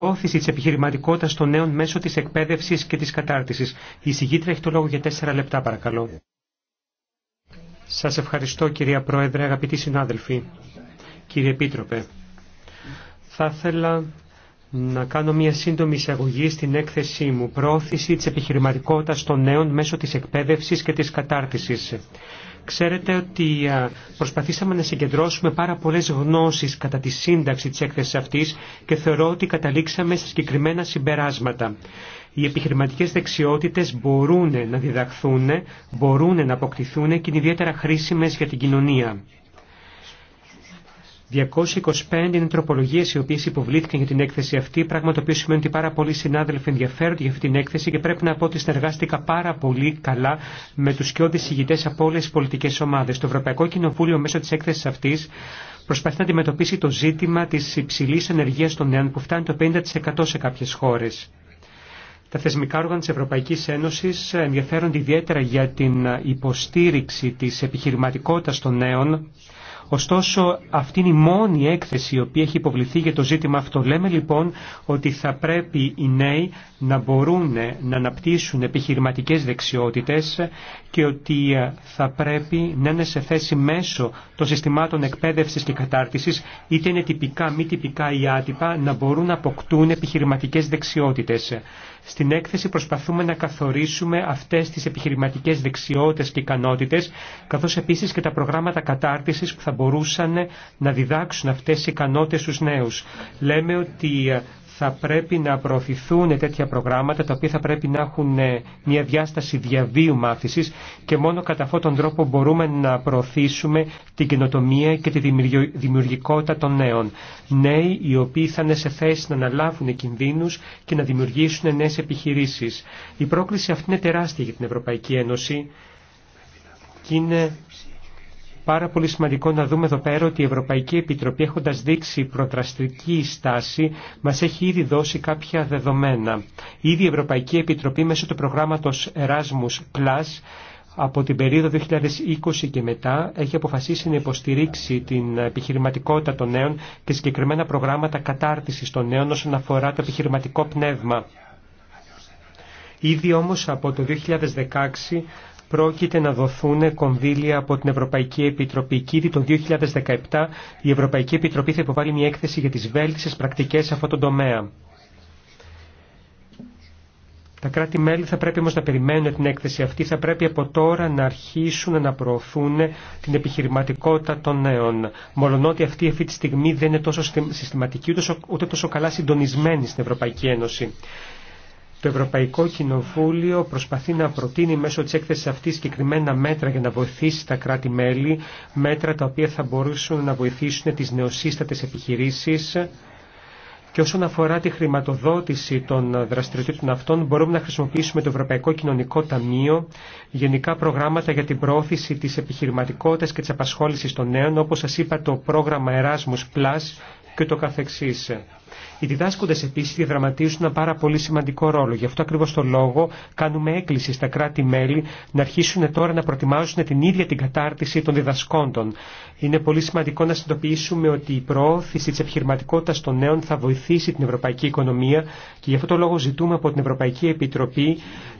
Όθηση τη επιχειρηματικότητα των νέων μέσω τη εκπαίδευση και τη κατάρτιση. Η συγγήτρια έχει το λόγο για τέσσερα λεπτά, παρακαλώ. Σα ευχαριστώ, κυρία Πρόεδρε, αγαπητοί συνάδελφοι, κύριε Επίτροπε. Θα ήθελα να κάνω μια σύντομη εισαγωγή στην έκθεσή μου. Πρόθεση τη επιχειρηματικότητα των νέων μέσω τη εκπαίδευση και τη κατάρτιση. Ξέρετε ότι προσπαθήσαμε να συγκεντρώσουμε πάρα πολλές γνώσεις κατά τη σύνταξη της έκθεσης αυτής και θεωρώ ότι καταλήξαμε σε συγκεκριμένα συμπεράσματα. Οι επιχειρηματικές δεξιότητες μπορούν να διδαχθούν, μπορούν να αποκτηθούν και είναι ιδιαίτερα χρήσιμες για την κοινωνία. 225 είναι τροπολογίε οι οποίε υποβλήθηκαν για την έκθεση αυτή, πράγμα το οποίο σημαίνει ότι πάρα πολλοί συνάδελφοι ενδιαφέρονται για αυτή την έκθεση και πρέπει να πω ότι συνεργάστηκα πάρα πολύ καλά με του κοιόδη ηγητέ από όλε τι πολιτικέ ομάδε. Το Ευρωπαϊκό Κοινοβούλιο μέσω τη έκθεση αυτή προσπαθεί να αντιμετωπίσει το ζήτημα τη υψηλή ενεργεία των νέων που φτάνει το 50% σε κάποιε χώρε. Τα θεσμικά όργανα της Ευρωπαϊκής Ένωσης ενδιαφέρονται ιδιαίτερα για την υποστήριξη της επιχειρηματικότητας των νέων Ωστόσο, αυτή είναι η μόνη έκθεση η οποία έχει υποβληθεί για το ζήτημα αυτό. Λέμε λοιπόν ότι θα πρέπει οι νέοι να μπορούν να αναπτύσσουν επιχειρηματικές δεξιότητες και ότι ε, θα πρέπει να είναι σε θέση μέσω των συστημάτων εκπαίδευσης και κατάρτισης, είτε είναι τυπικά, μη τυπικά ή άτυπα, να μπορούν να αποκτούν επιχειρηματικές δεξιότητες. Στην έκθεση προσπαθούμε να καθορίσουμε αυτές τις επιχειρηματικές δεξιότητες και ικανότητες, καθώς επίσης και τα προγράμματα κατάρτισης που θα μπορούσαν να διδάξουν αυτές οι ικανότητες στους νέους. Λέμε ότι ε, θα πρέπει να προωθηθούν τέτοια προγράμματα τα οποία θα πρέπει να έχουν ε, μια διάσταση διαβίου μάθησης και μόνο κατά αυτόν τον τρόπο μπορούμε να προωθήσουμε την καινοτομία και τη δημιουργικότητα των νέων. Νέοι οι οποίοι θα είναι σε θέση να αναλάβουν κινδύνους και να δημιουργήσουν νέες επιχειρήσεις. Η πρόκληση αυτή είναι τεράστια για την Ευρωπαϊκή Ένωση και είναι πάρα πολύ σημαντικό να δούμε εδώ πέρα ότι η Ευρωπαϊκή Επιτροπή έχοντας δείξει προτραστική στάση μας έχει ήδη δώσει κάποια δεδομένα. Ήδη η Ευρωπαϊκή Επιτροπή μέσω του προγράμματος Erasmus Plus από την περίοδο 2020 και μετά έχει αποφασίσει να υποστηρίξει την επιχειρηματικότητα των νέων και συγκεκριμένα προγράμματα κατάρτισης των νέων όσον αφορά το επιχειρηματικό πνεύμα. Ήδη όμως από το 2016 πρόκειται να δοθούν κονδύλια από την Ευρωπαϊκή Επιτροπή. Ήδη το 2017 η Ευρωπαϊκή Επιτροπή θα υποβάλει μια έκθεση για τις βέλτισες πρακτικές σε αυτόν τον τομέα. Τα κράτη-μέλη θα πρέπει όμως να περιμένουν την έκθεση αυτή, θα πρέπει από τώρα να αρχίσουν να προωθούν την επιχειρηματικότητα των νέων. Μολονότι αυτή αυτή τη στιγμή δεν είναι τόσο συστηματική ούτε τόσο καλά συντονισμένη στην Ευρωπαϊκή Ένωση. Το Ευρωπαϊκό Κοινοβούλιο προσπαθεί να προτείνει μέσω τη έκθεση αυτή συγκεκριμένα μέτρα για να βοηθήσει τα κράτη-μέλη, μέτρα τα οποία θα μπορούσαν να βοηθήσουν τι νεοσύστατε επιχειρήσει. Και όσον αφορά τη χρηματοδότηση των δραστηριοτήτων αυτών, μπορούμε να χρησιμοποιήσουμε το Ευρωπαϊκό Κοινωνικό Ταμείο, γενικά προγράμματα για την προώθηση τη επιχειρηματικότητα και τη απασχόληση των νέων, όπω σα είπα το πρόγραμμα Erasmus Plus και το καθεξής. Οι διδάσκοντε επίση διαδραματίζουν ένα πάρα πολύ σημαντικό ρόλο. Γι' αυτό ακριβώ το λόγο κάνουμε έκκληση στα κράτη-μέλη να αρχίσουν τώρα να προετοιμάζουν την ίδια την κατάρτιση των διδασκόντων. Είναι πολύ σημαντικό να συνειδητοποιήσουμε ότι η προώθηση τη επιχειρηματικότητα των νέων θα βοηθήσει την ευρωπαϊκή οικονομία και γι' αυτό το λόγο ζητούμε από την Ευρωπαϊκή Επιτροπή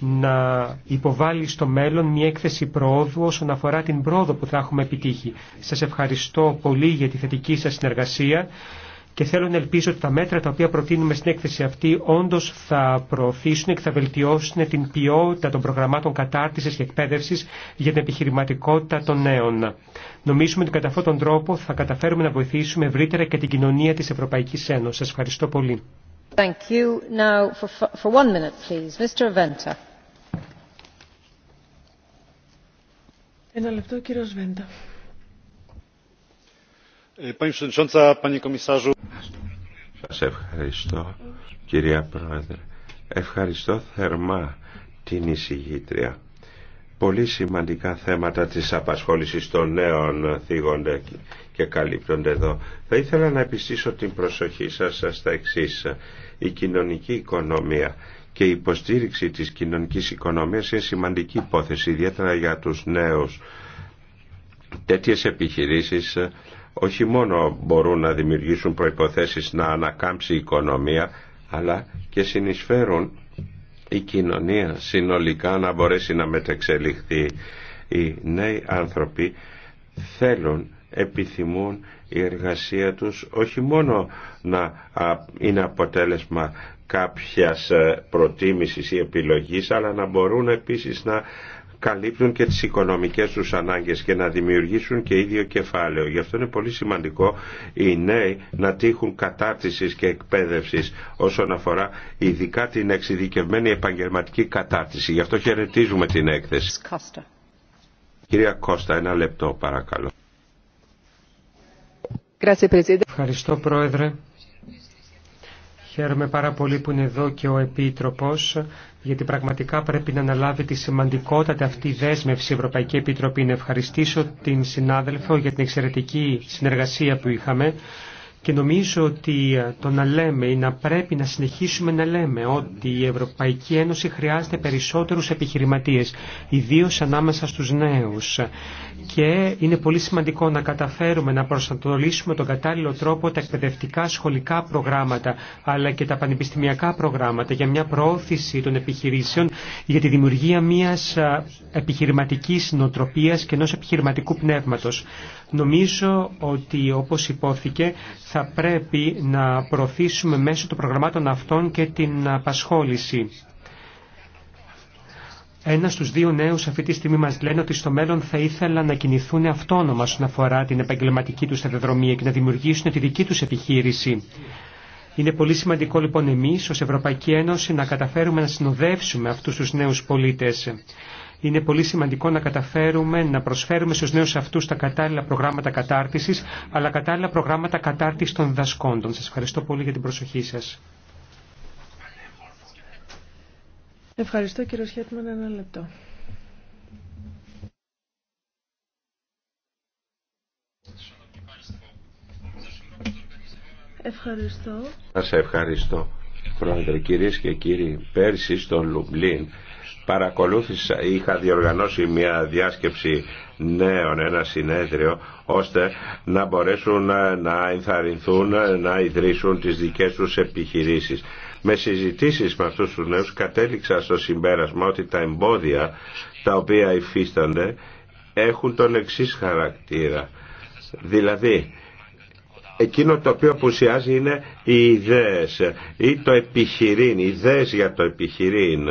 να υποβάλει στο μέλλον μια έκθεση προόδου όσον αφορά την πρόοδο που θα έχουμε επιτύχει. Σα ευχαριστώ πολύ για τη θετική σα συνεργασία και θέλω να ελπίζω ότι τα μέτρα τα οποία προτείνουμε στην έκθεση αυτή όντω θα προωθήσουν και θα βελτιώσουν την ποιότητα των προγραμμάτων κατάρτιση και εκπαίδευση για την επιχειρηματικότητα των νέων. Νομίζουμε ότι κατά αυτόν τον τρόπο θα καταφέρουμε να βοηθήσουμε ευρύτερα και την κοινωνία τη Ευρωπαϊκή Ένωση. Σα ευχαριστώ πολύ. Thank you. Now for, for one minute, please. Mr. Venta. Ένα λεπτό, κύριος Βέντα. Σας ευχαριστώ κυρία Πρόεδρε. Ευχαριστώ θερμά την εισηγήτρια. Πολύ σημαντικά θέματα της απασχόλησης των νέων θίγονται και καλύπτονται εδώ. Θα ήθελα να επιστήσω την προσοχή σας στα εξή. Η κοινωνική οικονομία και η υποστήριξη της κοινωνικής οικονομίας είναι σημαντική υπόθεση, ιδιαίτερα για τους νέους. Τέτοιες επιχειρήσεις όχι μόνο μπορούν να δημιουργήσουν προϋποθέσεις να ανακάμψει η οικονομία, αλλά και συνεισφέρουν η κοινωνία συνολικά να μπορέσει να μετεξελιχθεί. Οι νέοι άνθρωποι θέλουν, επιθυμούν η εργασία τους όχι μόνο να είναι αποτέλεσμα κάποιας ε, προτίμησης ή επιλογής αλλά να μπορούν επίσης να καλύπτουν και τις οικονομικές τους ανάγκες και να δημιουργήσουν και ίδιο κεφάλαιο. Γι' αυτό είναι πολύ σημαντικό οι νέοι να τύχουν κατάρτισης και εκπαίδευσης όσον αφορά ειδικά την εξειδικευμένη επαγγελματική κατάρτιση. Γι' αυτό χαιρετίζουμε την έκθεση. Κυρία Κώστα, ένα λεπτό παρακαλώ. Ευχαριστώ Πρόεδρε. Χαίρομαι πάρα πολύ που είναι εδώ και ο Επίτροπος, γιατί πραγματικά πρέπει να αναλάβει τη σημαντικότητα αυτή δέσμευση η Ευρωπαϊκή Επιτροπή. Να ευχαριστήσω την συνάδελφο για την εξαιρετική συνεργασία που είχαμε και νομίζω ότι το να λέμε ή να πρέπει να συνεχίσουμε να λέμε ότι η Ευρωπαϊκή Ένωση χρειάζεται περισσότερους επιχειρηματίες, ιδίως ανάμεσα στους νέους και είναι πολύ σημαντικό να καταφέρουμε να προσανατολίσουμε τον κατάλληλο τρόπο τα εκπαιδευτικά σχολικά προγράμματα αλλά και τα πανεπιστημιακά προγράμματα για μια προώθηση των επιχειρήσεων για τη δημιουργία μιας επιχειρηματικής νοοτροπίας και ενός επιχειρηματικού πνεύματος. Νομίζω ότι όπως υπόθηκε θα πρέπει να προωθήσουμε μέσω των προγραμμάτων αυτών και την απασχόληση. Ένα στου δύο νέου αυτή τη στιγμή μα λένε ότι στο μέλλον θα ήθελαν να κινηθούν αυτόνομα όσον αφορά την επαγγελματική του σταδιοδρομία και να δημιουργήσουν τη δική του επιχείρηση. Είναι πολύ σημαντικό λοιπόν εμεί ω Ευρωπαϊκή Ένωση να καταφέρουμε να συνοδεύσουμε αυτού του νέου πολίτε. Είναι πολύ σημαντικό να καταφέρουμε να προσφέρουμε στου νέου αυτού τα κατάλληλα προγράμματα κατάρτιση, αλλά κατάλληλα προγράμματα κατάρτιση των δασκόντων. Σα ευχαριστώ πολύ για την προσοχή σα. Ευχαριστώ κύριο Σχέτμαν ένα λεπτό. Ευχαριστώ. Σας ευχαριστώ. Πρόεδρε, κυρίες και κύριοι, πέρσι στο Λουμπλίν παρακολούθησα, είχα διοργανώσει μια διάσκεψη νέων, ένα συνέδριο, ώστε να μπορέσουν να ενθαρρυνθούν, να ιδρύσουν τις δικές τους επιχειρήσεις. Με συζητήσεις με αυτούς τους νέους κατέληξα στο συμπέρασμα ότι τα εμπόδια τα οποία υφίστανται έχουν τον εξής χαρακτήρα. Δηλαδή, εκείνο το οποίο απουσιάζει είναι οι ιδέες ή το επιχειρήν, οι ιδέες για το επιχειρήν.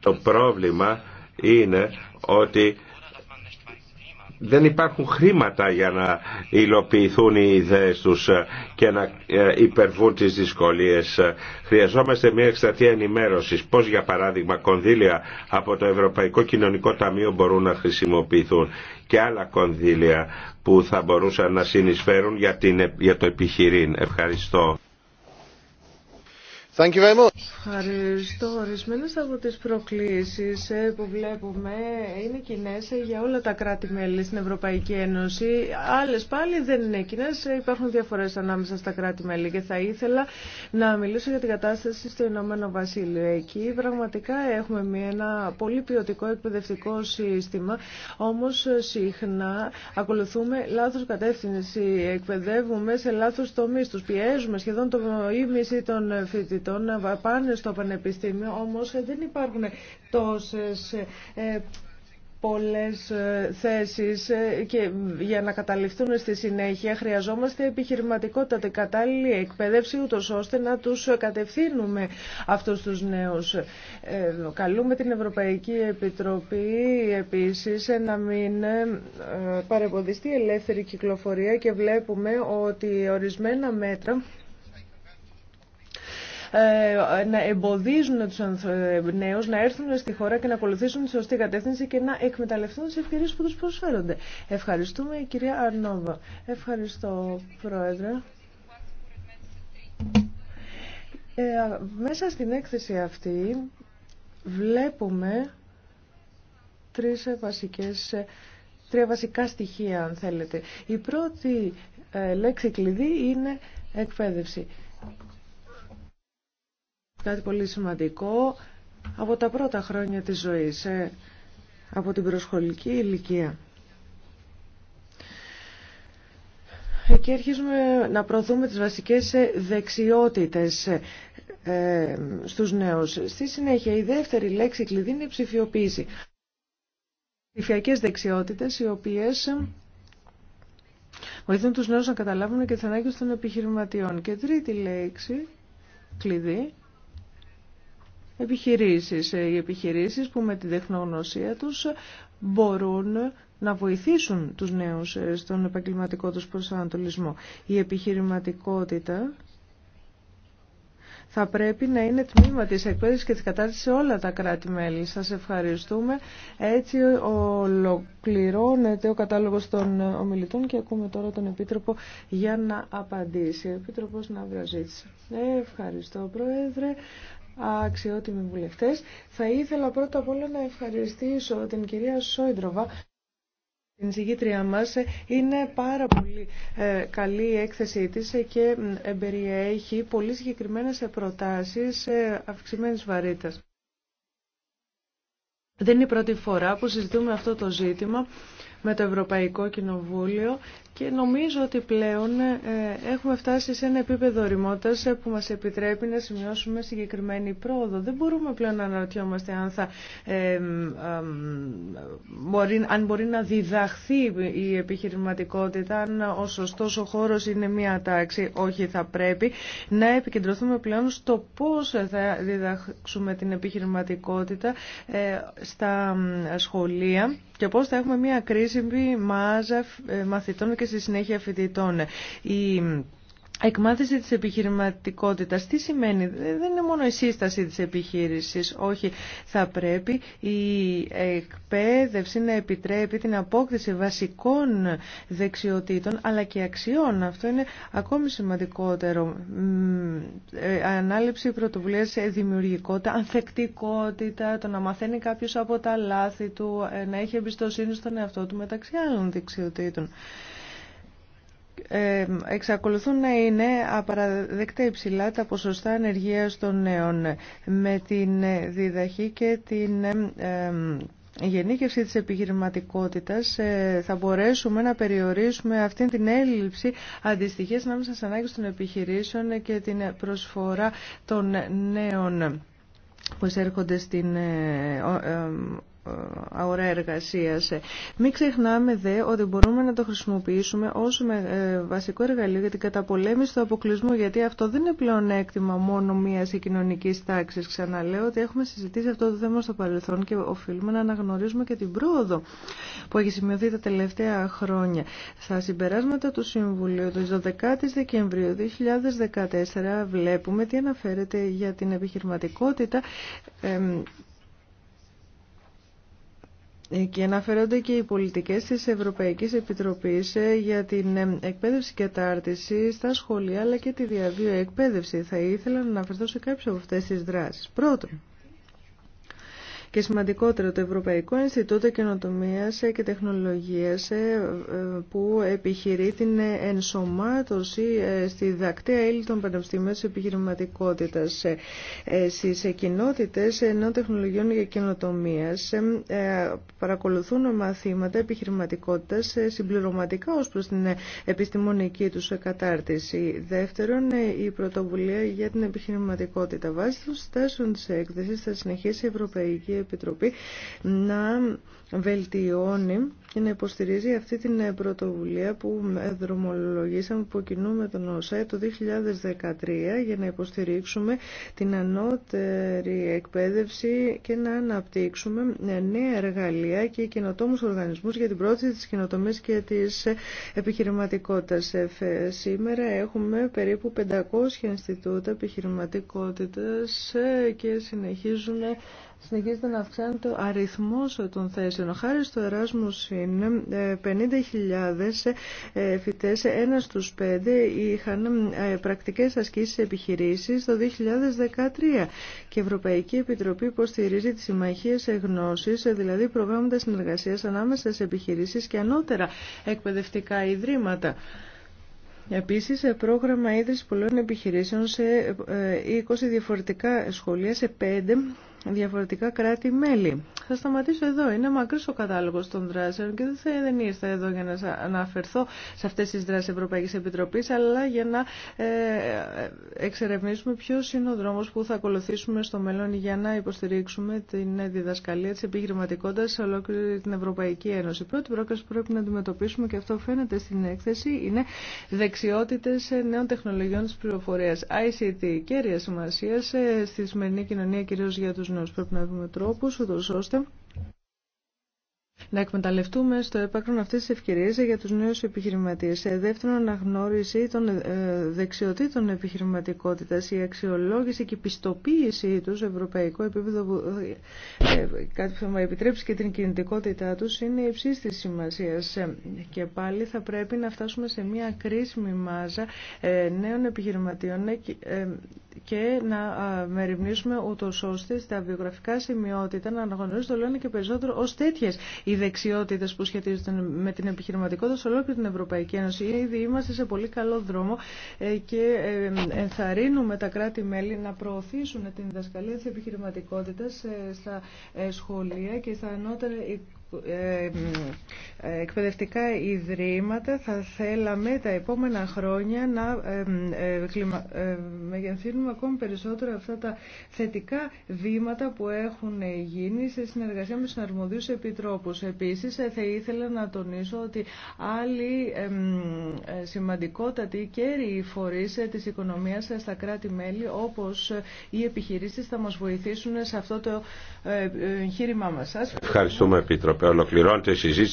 Το πρόβλημα είναι ότι δεν υπάρχουν χρήματα για να υλοποιηθούν οι ιδέες τους και να ε, υπερβούν τις δυσκολίες. Χρειαζόμαστε μια εκστατεία ενημέρωσης. Πώς για παράδειγμα κονδύλια από το Ευρωπαϊκό Κοινωνικό Ταμείο μπορούν να χρησιμοποιηθούν και άλλα κονδύλια που θα μπορούσαν να συνεισφέρουν για, την, ε, για το επιχειρήν. Ευχαριστώ. Thank you very much. Ευχαριστώ. Ορισμένε από τι προκλήσει ε, που βλέπουμε είναι κοινέ ε, για όλα τα κράτη-μέλη στην Ευρωπαϊκή Ένωση. Άλλε πάλι δεν είναι κοινέ. Ε, υπάρχουν διαφορέ ανάμεσα στα κράτη-μέλη και θα ήθελα να μιλήσω για την κατάσταση στο Ηνωμένο Βασίλειο. Εκεί πραγματικά έχουμε ένα πολύ ποιοτικό εκπαιδευτικό σύστημα, όμω συχνά ακολουθούμε λάθο κατεύθυνση. Εκπαιδεύουμε σε λάθο τομεί. Του πιέζουμε σχεδόν το ίμιση των φοιτητών να πάνε στο πανεπιστήμιο, όμως δεν υπάρχουν τόσες ε, πολλές ε, θέσεις ε, και για να καταληφθούν στη συνέχεια χρειαζόμαστε επιχειρηματικότητα, κατάλληλη εκπαίδευση ούτως ώστε να τους κατευθύνουμε αυτούς τους νέους. καλούμε την Ευρωπαϊκή Επιτροπή επίσης να μην παρεμποδιστεί ελεύθερη κυκλοφορία και βλέπουμε ότι ορισμένα μέτρα ε, να εμποδίζουν τους ε, νέους να έρθουν στη χώρα και να ακολουθήσουν τη σωστή κατεύθυνση και να εκμεταλλευτούν τις ευκαιρίες που τους προσφέρονται. Ευχαριστούμε η κυρία Αρνόβα. Ευχαριστώ Πρόεδρε. Ε, μέσα στην έκθεση αυτή βλέπουμε τρεις βασικές, τρία βασικά στοιχεία αν θέλετε. Η πρώτη ε, λέξη κλειδί είναι εκπαίδευση κάτι πολύ σημαντικό από τα πρώτα χρόνια της ζωής, ε, από την προσχολική ηλικία. Εκεί αρχίζουμε να προωθούμε τις βασικές ε, δεξιότητες ε, στους νέους. Στη συνέχεια η δεύτερη λέξη κλειδί είναι η ψηφιοποίηση. Ψηφιακές δεξιότητες οι οποίες βοηθούν τους νέους να καταλάβουν και τις ανάγκες των επιχειρηματιών. Και τρίτη λέξη κλειδί επιχειρήσεις. Ε, οι επιχειρήσεις που με τη τεχνογνωσία τους μπορούν να βοηθήσουν τους νέους ε, στον επαγγελματικό τους προσανατολισμό. Η επιχειρηματικότητα θα πρέπει να είναι τμήμα της εκπαίδευσης και της κατάρτισης σε όλα τα κράτη-μέλη. Σας ευχαριστούμε. Έτσι ολοκληρώνεται ο κατάλογος των ομιλητών και ακούμε τώρα τον Επίτροπο για να απαντήσει. Επίτροπος Ναυραζίτης. Ευχαριστώ Πρόεδρε αξιότιμοι βουλευτές. Θα ήθελα πρώτα απ' όλα να ευχαριστήσω την κυρία Σόιντροβα την συγκήτριά μας είναι πάρα πολύ ε, καλή η έκθεσή της και περιέχει πολύ συγκεκριμένες προτάσεις αυξημένης βαρύτητας. Δεν είναι η πρώτη φορά που συζητούμε αυτό το ζήτημα με το Ευρωπαϊκό Κοινοβούλιο και νομίζω ότι πλέον ε, έχουμε φτάσει σε ένα επίπεδο ρημότητα ε, που μας επιτρέπει να σημειώσουμε συγκεκριμένη πρόοδο. Δεν μπορούμε πλέον να αναρωτιόμαστε αν, θα, ε, μπορεί, αν μπορεί να διδαχθεί η επιχειρηματικότητα, αν ο σωστός χώρος είναι μία τάξη. Όχι, θα πρέπει να επικεντρωθούμε πλέον στο πώς θα διδάξουμε την επιχειρηματικότητα στα σχολεία και πώς θα έχουμε μια κρίσιμη μάζα ε, μαθητών και στη συνέχεια φοιτητών. Εκμάθηση της επιχειρηματικότητας. Τι σημαίνει, δεν είναι μόνο η σύσταση της επιχείρησης, όχι. Θα πρέπει η εκπαίδευση να επιτρέπει την απόκτηση βασικών δεξιοτήτων, αλλά και αξιών. Αυτό είναι ακόμη σημαντικότερο. Ε, ανάληψη πρωτοβουλίας σε δημιουργικότητα, ανθεκτικότητα, το να μαθαίνει κάποιος από τα λάθη του, ε, να έχει εμπιστοσύνη στον εαυτό του μεταξύ άλλων δεξιοτήτων. Ε, εξακολουθούν να είναι απαραδεκτά υψηλά τα ποσοστά ανεργίας των νέων με την ε, διδαχή και την η ε, γενίκευση της επιχειρηματικότητας θα μπορέσουμε να περιορίσουμε αυτή την έλλειψη αντιστοιχίας ανάμεσα στις ανάγκες των επιχειρήσεων και την προσφορά των νέων που εισέρχονται στην αγορά εργασίας. Μην ξεχνάμε δε ότι μπορούμε να το χρησιμοποιήσουμε ω ε, βασικό εργαλείο για την καταπολέμηση του αποκλεισμού γιατί αυτό δεν είναι πλέον έκτημα μόνο μιας κοινωνικής τάξης. Ξαναλέω ότι έχουμε συζητήσει αυτό το θέμα στο παρελθόν και οφείλουμε να αναγνωρίζουμε και την πρόοδο που έχει σημειωθεί τα τελευταία χρόνια. Στα συμπεράσματα του Συμβουλίου του 12 η Δεκεμβρίου 2014 βλέπουμε τι αναφέρεται για την επιχειρηματικότητα και αναφέρονται και οι πολιτικές της Ευρωπαϊκής Επιτροπής ε, για την ε, εκπαίδευση και κατάρτιση στα σχολεία αλλά και τη διαβίω εκπαίδευση. Θα ήθελα να αναφερθώ σε κάποιες από αυτές τις δράσεις. Πρώτον, και σημαντικότερο, το Ευρωπαϊκό Ινστιτούτο Καινοτομίας και Τεχνολογίας ε, ε, που επιχειρεί την ενσωμάτωση ε, στη δακτέα ύλη των πανεπιστήμιων της επιχειρηματικότητας στις κοινότητες νέων τεχνολογιών και καινοτομίας. Παρακολουθούν μαθήματα επιχειρηματικότητας συμπληρωματικά ως προς την επιστημονική του κατάρτιση. Δεύτερον, η πρωτοβουλία για την επιχειρηματικότητα. Βάσει των στάσεων της έκθεση, θα συνεχίσει η Ευρωπαϊκή Επιτροπή να βελτιώνει και να υποστηρίζει αυτή την πρωτοβουλία που δρομολογήσαμε που κινούμε τον ΟΣΕ το 2013 για να υποστηρίξουμε την ανώτερη εκπαίδευση και να αναπτύξουμε νέα εργαλεία και καινοτόμους οργανισμούς για την πρόθεση της καινοτομίας και της επιχειρηματικότητας. Σήμερα έχουμε περίπου 500 Ινστιτούτα Επιχειρηματικότητας και συνεχίζουν συνεχίζεται να αυξάνεται ο αριθμός των θέσεων. Χάρη στο Εράσμους είναι 50.000 φοιτές, ένα στους πέντε είχαν ε, πρακτικές ασκήσεις επιχειρήσεις το 2013 και η Ευρωπαϊκή Επιτροπή υποστηρίζει τις συμμαχίες γνώσης, ε, δηλαδή προγράμματα συνεργασίας ανάμεσα σε επιχειρήσεις και ανώτερα εκπαιδευτικά ιδρύματα. Επίσης, ε, πρόγραμμα ίδρυσης πολλών επιχειρήσεων σε 20 διαφορετικά σχολεία, σε 5 διαφορετικά κράτη-μέλη. Θα σταματήσω εδώ. Είναι μακρύς ο κατάλογος των δράσεων και δεν, ήρθα εδώ για να αναφερθώ σε αυτές τις δράσεις Ευρωπαϊκής Επιτροπής, αλλά για να ε, εξερευνήσουμε ποιος είναι ο δρόμος που θα ακολουθήσουμε στο μέλλον για να υποστηρίξουμε την διδασκαλία της επιχειρηματικότητας σε ολόκληρη την Ευρωπαϊκή Ένωση. Η πρώτη πρόκληση που πρέπει να αντιμετωπίσουμε και αυτό φαίνεται στην έκθεση είναι δεξιότητες νέων τεχνολογιών της πληροφορίας. ICT, κέρια σημασία ε, στη σημερινή κοινωνία κυρίως για τους συνόρους. Πρέπει να βρούμε τρόπους, ούτως ώστε να εκμεταλλευτούμε στο έπακρον αυτέ τι ευκαιρίες για του νέου επιχειρηματίε. Ε, δεύτερον, αναγνώριση των ε, δεξιοτήτων επιχειρηματικότητα, η αξιολόγηση και η πιστοποίησή του σε ευρωπαϊκό επίπεδο, που, ε, κάτι που θα μου επιτρέψει και την κινητικότητά του είναι υψής τη σημασίας. Και πάλι θα πρέπει να φτάσουμε σε μια κρίσιμη μάζα νέων επιχειρηματιών και να μεριμνήσουμε ούτω ώστε στα βιογραφικά σημειότητα να το όλο και περισσότερο ω τέτοιε οι δεξιότητε που σχετίζονται με την επιχειρηματικότητα σε ολόκληρη την Ευρωπαϊκή Ένωση. Ήδη είμαστε σε πολύ καλό δρόμο ε, και ε, ενθαρρύνουμε τα κράτη-μέλη να προωθήσουν την διδασκαλία τη επιχειρηματικότητα ε, στα σχολεία και στα ανώτερα εκπαιδευτικά ιδρύματα θα θέλαμε τα επόμενα χρόνια να μεγενθύνουμε ακόμη περισσότερο αυτά τα θετικά βήματα που έχουν γίνει σε συνεργασία με τους αρμοδίους επιτρόπους. Επίσης θα ήθελα να τονίσω ότι άλλοι σημαντικότατοι κέριοι φορείς της οικονομίας στα κράτη-μέλη όπως οι επιχειρήσεις θα μας βοηθήσουν σε αυτό το ε, εγχείρημά μας. Ευχαριστούμε Επίτροπε. Ολοκληρώνεται